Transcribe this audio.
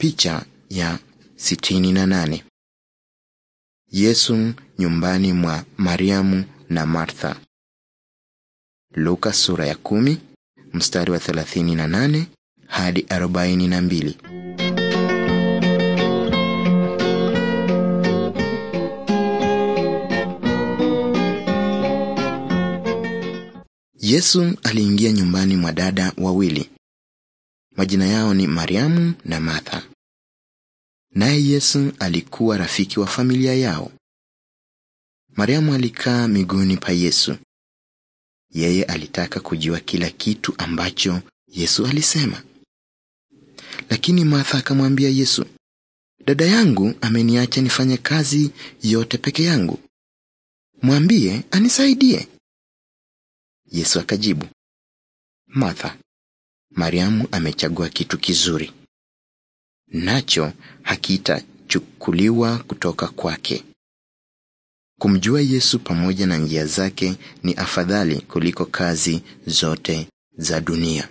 Picha ya sitini na nane. Yesu nyumbani mwa Mariamu na Martha. Luka sura ya kumi, mstari wa 38 hadi 42. Yesu aliingia nyumbani mwa dada wawili. Majina yao ni Mariamu na Martha naye Yesu alikuwa rafiki wa familia yao. Mariamu alikaa miguuni pa Yesu. Yeye alitaka kujua kila kitu ambacho Yesu alisema. Lakini Martha akamwambia Yesu, dada yangu ameniacha nifanye kazi yote peke yangu. Mwambie anisaidie. Yesu akajibu, Martha, Mariamu amechagua kitu kizuri, nacho hakitachukuliwa kutoka kwake. Kumjua Yesu pamoja na njia zake ni afadhali kuliko kazi zote za dunia.